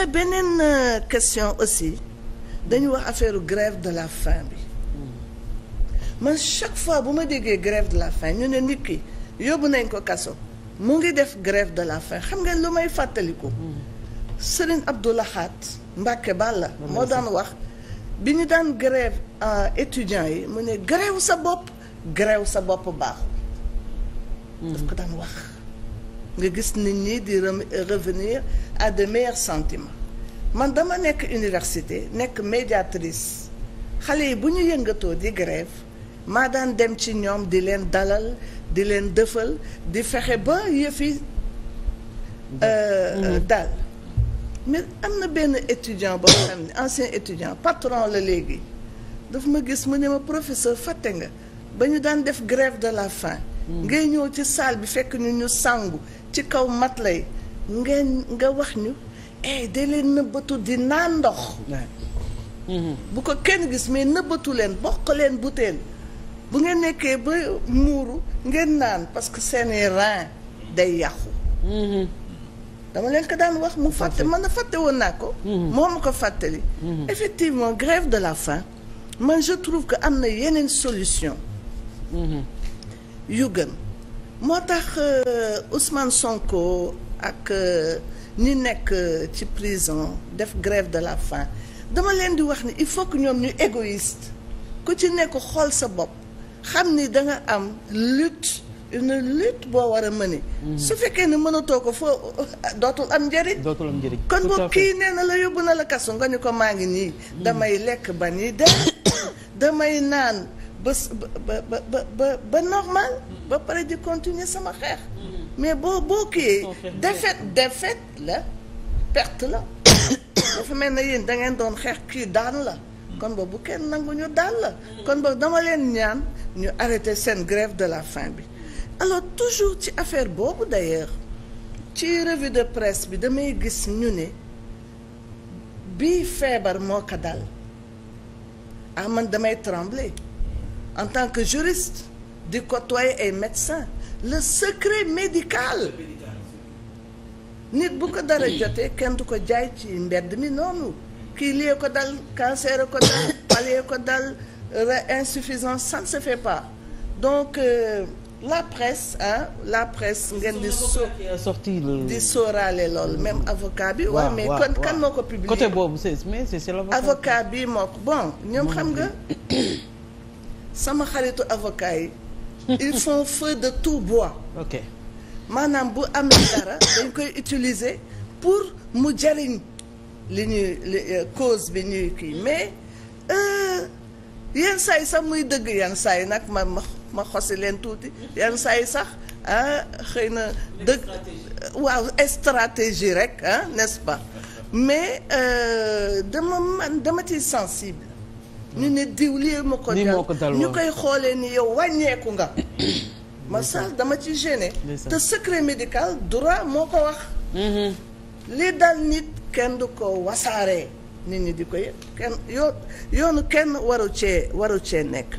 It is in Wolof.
nga beneen euh, question aussi dañu wax affaire grève de la faim bi man chaque fois bu ma déggee grève de la faim ñu ne nit ki yóbbu nañ ko kaso mu ngi def grève de la faim xam nga lu may fàttaliku. Serigne Abdou Lahad Mbacké moo daan wax bi ñu daan grève étudiants yi mu ne grève sa bopp grève sa bopp baax daf ko daan wax. nga gis nit ñi di revenir à de meilleurs sentiments man dama nekk université nekk médiatrice xale yi bu ñu yëngatoo di grève maa daan dem ci ñoom di leen dalal di leen dëfal di fexe ba yëfi daal euh, mm-hmm. euh, mais am na benn étudiant boo xam ne ancien étudiant patron la léegi dafa ma gis mu ne ma professeur fàtte nga ba ñu daan def grève de la faim mm. ngay ñëw ci salle bi fekk ñu ñu sangu ci kaw mat lay ngeen nga wax ñu eh da leen nëbbatu di naan ndox mhm. bu ko kenn gis mais nëbbatu leen ko leen butéel bu ngeen nekkee ba muuru ngeen naan parce que seeni rein day yàqu mhm. dama leen ko daan wax mu fàtte man a fàtte woon naa ko mhm. moo ma ko fàttali effectivement grève de la faim man je trouve que am na yeneen solution yu gën moo tax euh, Ousmane Sonko ak euh, ñi nekk euh, ci prison def grève de la faim dama leen di wax ni il faut que ñoom ñu égoïste ku ci nekk xool sa bopp xam ni danga am lutte une boo war a mëne mm. su fekkee ne mënatoo ko foo dootul am njëriñ. dootul njëriñ kon boo kii nee na la yóbbu na la kaso nga ni ko maa ngi nii. Mm. damay lekk ba nii dem damay naan ba ba ba ba ba normal. Mm. ba pare di continuer sama xeex. Mm-hmm. mais boo boo kii. défaite défaite la perte la. dafa mel ne yéen da ngeen doon xeex kii daan la. Mm-hmm. kon ba bu kenn nangu ñu daan la. Mm-hmm. kon boobu dama leen ñaan ñu arrêté seen grève de la faim bi. alors toujours ci affaire boobu d'ailleurs ci revue de presse bi damay gis ñu ne bii feebar moo ko dal ah man damay trembler en tant que juriste. di côtoyer ay médecins le secret médical nit bu ko dara jotee kenn du ko jaay ci mbedd mi noonu kii lii ko dal cancer ko dal palie ko dal insuffisance ça ne se fait pas donc euh, la presse ah la presse ngeen di so di sóoraale loolu même mm. avocat bi waaw mais kon kan moo ko publier côté boobu mais c'est l'avocat avocat bi moo ko bon ñoom xam nga sama xaritu avocat yi ils font feu de tout bois. ok maanaam bu amee dara dañ koy utiliser pour mu jariñ li ñuy euh, cause bi ñuy kii mais euh, yan saa sax muy dëgg yenn saa yi nag ma ma ma xosi leen tuuti yenn saa yi sax ah xëy na dëgg waaw stratégie rek ah n'est-ce pas mais euh, dama man dama ci sensible ñu ne diw lii ma ko dal ñu koy xoolee ni yow wàññeeku nga ma sax dama ci gêné te secret médical droit moo ko wax mm-hmm. li dal nit kenn du ko wasaare nit ñi di ko yëg kenn yoo yoonu kenn waru cee waru cee nekk